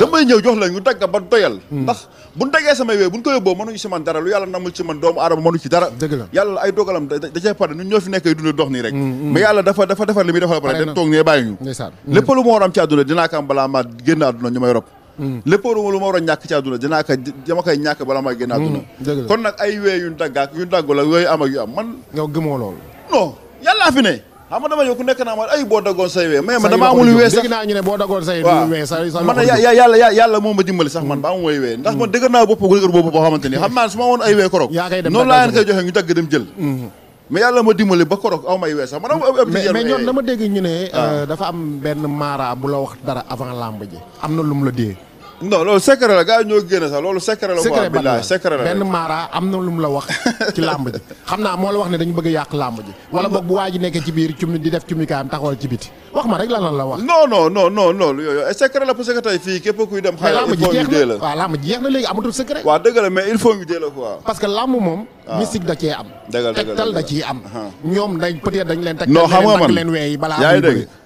damay ñëw jox la ñu ba doyal hmm. ndax buñ daggee samay wee buñ ko yóbboo mënuñu ci man dara lu yàlla namul ci man doomu aadama mënu ci dara yàlla ay dogalam da cee pare ñun ñoo fi nekk dund dox nii rek hmm, hmm. mais yàlla dafa dafa defar li muy defar pare dem toog nee bàyyi ñu lépp lu ma war am ci àdduna dinaa ko am a ñàkk ci àdduna dinaa ko dama koy ñàkk balaa ma génn àdduna kon nag ay wee yu daggaak yu daggu la yooyu am ak yu am man yàllaa fi ne xam nga dama ñëw ku nekk naa ma ay boo daggoon say wee mais man dama amul wee sax dégg naa ñu ne boo daggoon wee sax ma dimbali ba amul ay wee ndax man dëgër ay wee korog ma dimbali dama dégg ñu ne ah. euh, dafa am benn maara bu la wax dara avant lamb ji am na lu mu la dee non loolu secret la gars yi ñoo génn sax loolu secret la. secret ban la secret la benn maara am na lu mu la wax ci làmb ji. xam naa moo la wax ne dañu bëgg a yàq làmb ji. wala boog bu waa ji nekkee ci biir cumi di def cumi kaayam taxawal ci biti wax ma làmb jeex na léegi amatul secret. waaw dëgg la il faut ñu dee la quoi. parce que làmb moom. Ah. mystique da cee am. dëgg la tegtal da ciy am. Ah. ñoom dañ peut dañ leen. non xam nga man ngi dégg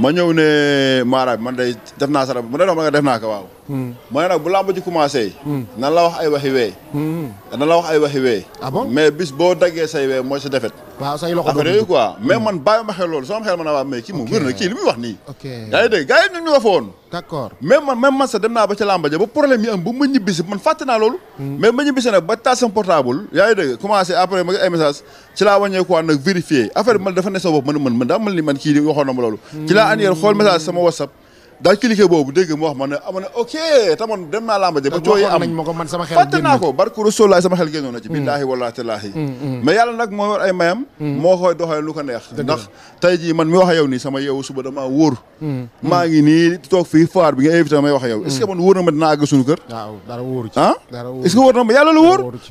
ma ñëw ne Mara man day def naa sara mu ne ma nga def naa ko waaw. Hmm. ma ne nag bu làmb ji commencé. Hmm. nan la wax ay waxi wee. Hmm. nan la wax ay waxi wee. ah ma xel loolu sama ma ne na kii li muy wax nii. ok man même ma ñibbisi man fàtte naa loolu. mais ma ñibbisi nag ba taal sama portable. yaa ngi dégg après ma gis ne sa bopp man man man daa man kii waxoon loolu. ci laa an yéen xool message sama whatsapp daal cliqué boobu dégg mu wax ma ne ama ah, ne ok tamoon dem naa làmba je ba cooyi am nañ ma sama xel fàtte naa ko barku rasulullaah sama xel génnoon na ci mm. billaahi wallaahi tallaahi mm, mm. mais yàlla nag mooy war ay mayam moo koy doxalee lu ko neex ndax tey jii man mi wax yow nii sama yeewu suba damaa maa ngi nii toog fii faar bi nga invité may wax yow est ce que man na ma dinaa àgg suñu kër waaw dara wóoru ci ah est ce ma yàlla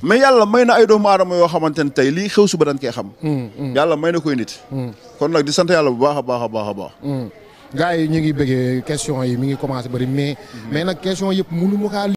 mais yàlla may na ay doomu aadama yoo xamante ne tey lii xew suba dañ koy xam yàlla may na koy nit kon nag di sant yàlla bu baax a baax a baax gars yi ñu ngi bëggee question yi mi ngi commencé bëri mais mais nag question yëpp mënu ma kaa